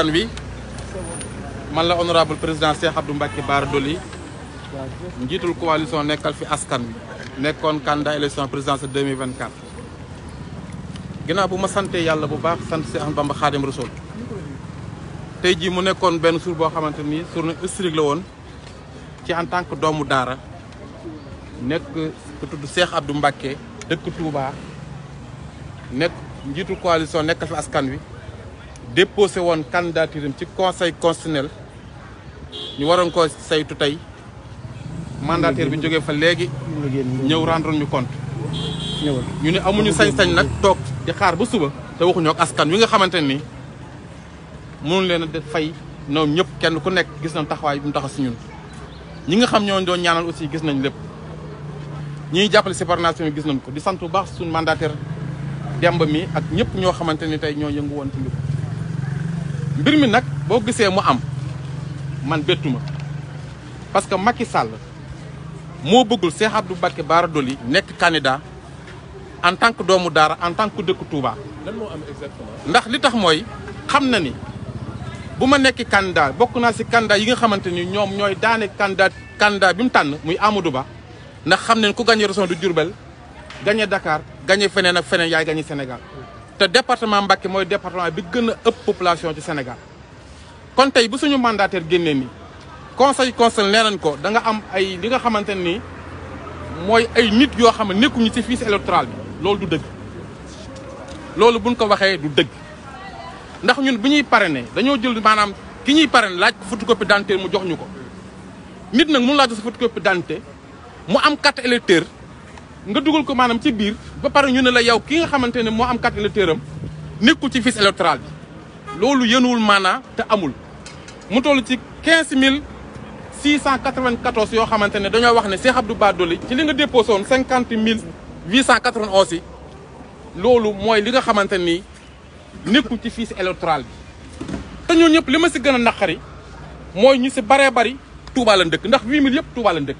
waxtaan wi man la honorable président Cheikh Abdou Mbacké Bara Dolly njiitul coalition nekkal fi askan wi nekkoon candidat élection présidentielle 2024 ginnaaw bu ma santee yàlla bu baax sant si Ahmadou Bamba Xaadim Rasuul tey jii mu nekkoon benn suur boo xamante ni journée historique la woon ci en tant que doomu daara nekk ku tudd Cheikh Abdou Mbacké dëkk Touba nekk njiitul coalition nekkal fi askan wi déposé woon candidature am ci conseil constitutionnel ñu waroon ko saytu tey mandataire bi jógee fa léegi ñëw rendre ñu compte ñu ne amuñu sañ-sañ nag toog di xaar ba suba te waxuñoo askan wi nga xamante ni mënuñ leen a def fay ñoom ñëpp kenn ku nekk gis nañ taxawaay bi mu taxaw si ñun ñi nga xam ñoo doon ñaanal aussi gis nañ lépp ñiy jàppale séparation bi gis nañ ko di sant bu baax suñu mandataire demb mi ak ñëpp ñoo xamante ni tey ñoo yëngu woon ci mbir mbir mi nag boo gisee mu am man bettuma parce que Macky Sall moo bëggul Cheikh Abdou Mbacké Bara Dolly nekk candidat en tant que doomu daara en tant que dëkk Touba. am ndax li tax mooy xam na ni bu ma nekk candidat bokk naa ci candidat yi nga xamante ni ñoom ñooy daane candidat candidat bi mu tànn muy Amadou Ba ndax xam nañ ku gagné région de Diourbel gagné Dakar gagné feneen ak feneen yaay gagné Sénégal. te département Mbacké mooy département bi gën a ëpp population ci Sénégal kon tey bu suñu mandataire génnee nii conseil conseil nee nañ ko da nga am ay li nga xamante ni mooy ay nit yoo xam nekkuñu ci fiche électorale bi loolu du dëgg loolu buñ ko waxee du dëgg ndax ñun bu ñuy ne dañoo jël maanaam ki ñuy parrainé laaj ko photocopie d'identité mu jox ñu ko nit nag mun laa jox sa photocopie d'identité mu am carte électeur nga dugal ko maanaam ci biir ba pare ñu ne la yow ki nga xamante ne moo am carte électeur am nekkul ci fiche électorale bi loolu yënuwul maanaa te amul mu toll ci quinze mille six cent quatre vingt yoo xamante ne dañoo wax ne Cheikh Abdou Bara ci li nga déposé woon cinquante mille huit cent quatre yi loolu mooy li nga xamante ni nekkul ci fiche électorale bi te ñoo ñëpp li ma si gën a naqari mooy ñu si baree bari Touba lañ ndëkk ndax huit mille yëpp Touba lañ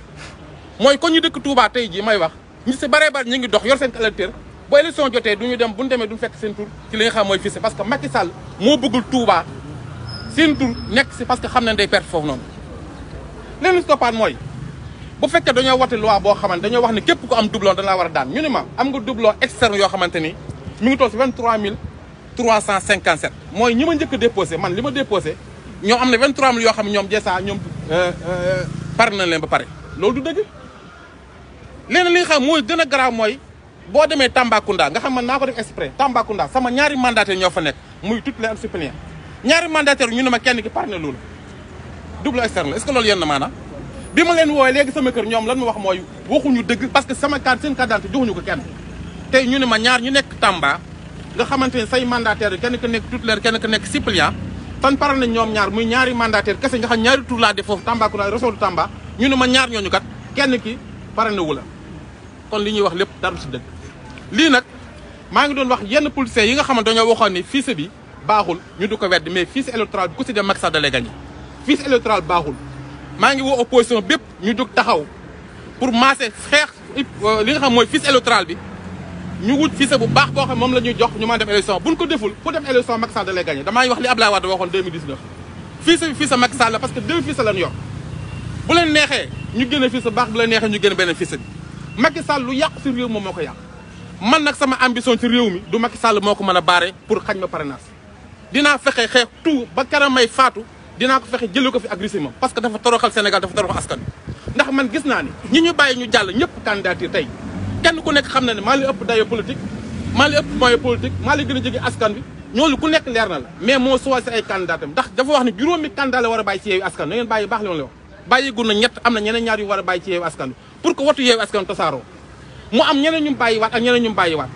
mooy ko ñu dëkk tuubaa tey jii may wax ñu si bare bari ñu ngi dox yor seen électeur bu élection jotee du ñu dem bu ñu demee du ñu fekk seen tur ci li nga xam mooy fii parce que Macky Sall moo bëggul Touba seen nekk si parce que xam nañ day perte foofu noonu. leneen si toppaat mooy bu fekkee dañoo wate loi boo xamante dañoo wax ne képp ku am doublon dañ laa war a daan ñu ne ma am nga doublon externe yoo xamante ni mi ngi toll si 23 357. mooy ñi ma njëkk a déposé man li ma déposé ñoom am na 23 000 yoo xam ne ñoom jeesaa ñoom euh, euh, pare nañ leen ba pare loolu du dëgg. leneen li nga xam mooy gën a garaaw mooy boo demee Tambacounda nga xam man maa ko def exprès Tambacounda sama ñaari mandataire ñoo fa nekk muy toutes les am suppléants ñaari mandataire ñu ne ma kenn ki parne loolu double externe est-ce que loolu yenn na bi ma leen wooye léegi sama kër ñoom lan ma wax mooy waxuñu dëgg parce que sama carte seen carte d'identité ko kenn tey ñu ne ma ñaar ñu nekk Tamba nga xamante ne say mandataire kenn ku nekk titulaire kenn ku nekk suppléant fan pare nañ ñoom ñaar muy ñaari mandataire kese nga xam ñaari tour laa def foofu Tambacounda réseau Tamba ñu ne ma ñaar ñooñu kat kenn ki pare na wu la kon li ñuy wax lépp dara ci dëgg lii nag maa ngi doon wax yenn politiciens yi nga xamante dañoo waxoon ni fichier bi baaxul ñu du ko wedd mais fichier électoral bi ku ci dem Macky Sall da lay gagné fichier électoral baaxul maa ngi woo opposition bépp ñu dug taxaw pour masser xeex euh, li nga xam mooy fichier électoral bi ñu wut fichier bu baax boo xam moom la ñuy jox ñu mën dem élection buñ ko deful ku dem élection Macky Sall da lay wax li Abdoulaye Wade waxoon 2019 fichier bi fichier Macky Sall la parce que deux fichier lañ yor bu leen neexee ñu génne fichier bu baax bu leen neexee ñu génne beneen fichier bi Macky Sall lu yàqu si réew moom moo ko yàq man nag sama ambition ci réew mi du Macky Sall moo ko mën a baare pour xañ ma parrainage dinaa fexe xeex tout ba karam may faatu dinaa ko fexe jëlee ko fi agressivement moom parce que dafa toroxal Sénégal dafa toroxal askan ndax man gis naa ni ñi ñu bàyyi ñu jàll ñëpp candidature tey kenn ku nekk xam na ne maa li ëpp dayo politique maa li ëpp moyen politique maa li gën a jege askan bi ñoolu ku nekk leer na la mais moo choisir a bàyyi ci yeewu bàyyi gun na ñett am na ñeneen ñaar yu war a bàyyi ci yeewu askan pour que watu yeewu askan tasaaroo mu am ñeneen ñu bàyyi waat ak ñeneen ñu bàyyi waat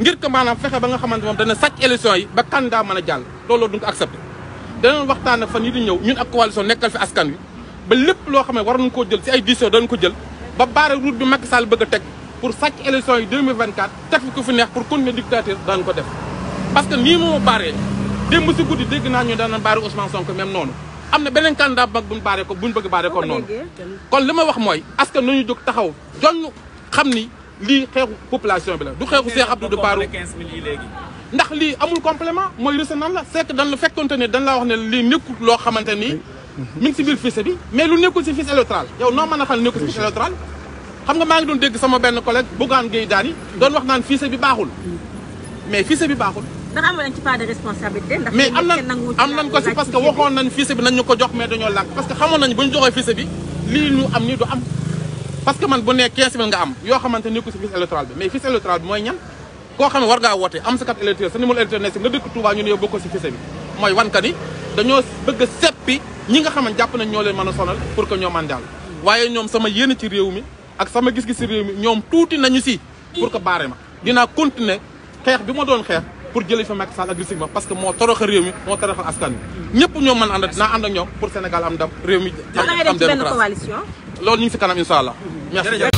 ngir que maanaam fexe ba nga xamante moom dana sàcc élection yi ba candidat mën a jàll looloo duñ ko accepté danañ waxtaan ak fan ñëw ñun ak coalition nekkal fi askan ba lépp loo xam ne war nañ koo jël si ay diisoo dañ ko jël ba baare route bi Macky Sall bëgg a teg pour sàcc élection yi 2024 teg fi fi neex pour continuer dictature daan ko def parce que nii moo baaree démb si guddi dégg naa ñu dana baare Ousmane Sonko même noonu am na beneen candidat mag buñ baaree ko buñ bëgg baaree ko noonu kon li ma wax mooy askan nañu jóg taxaw jonn xam ni lii xeexu population bi la du xeexu Cheikh Abdou Barou ndax lii amul complément mooy resenan la c'est dan la fekkonte ne dañ la wax ne lii nekkul loo xamante nii mi ngi si biir fiche bi mais lu nekkul si fiche électorale yow noo mën a xam ne nekkul si fiche électorale xam nga maa ngi doon dégg sama benn collègue Bougane Gueye Dany doon wax naan fiche bi baaxul mm. mais fiche bi baaxul ndax am nañ ci part de responsabilité. ndax mais am nañ am nañ ko si parce que waxoon nañ fichier bi nañ ko jox mais dañoo lànk parce xamoon nañ bu ñu joxee fichier bi lii ñu am nii du am parce man bu nee 15 nga am yoo xamante ni ko si fichier électoral bi mais fichier électoral bi mooy ñan koo xam ne war ngaa woote am sa carte électorale sa numéro électorale ne si nga dëkk Touba ñu ne yow bokkoo si fichier bi mooy wan ni dañoo bëgg seppi ñi nga xaman ne jàpp nañ ñoo leen man a sonal pour que ñoo man daal waaye ñoom sama yéene ci réew mi ak sama gis-gis ci réew mi ñoom tuuti nañu si pour que baare ma dinaa continuer xeex bi ma doon xeex pour jëlee fa Macky Sall agressivement parce que moo toroxal réew mi moo toroxal askan wi ñëpp ñoo mën ànd naa ànd ñoom pour Sénégal am ndam réew mi am démocratie loolu ñu ngi si kanam incha allah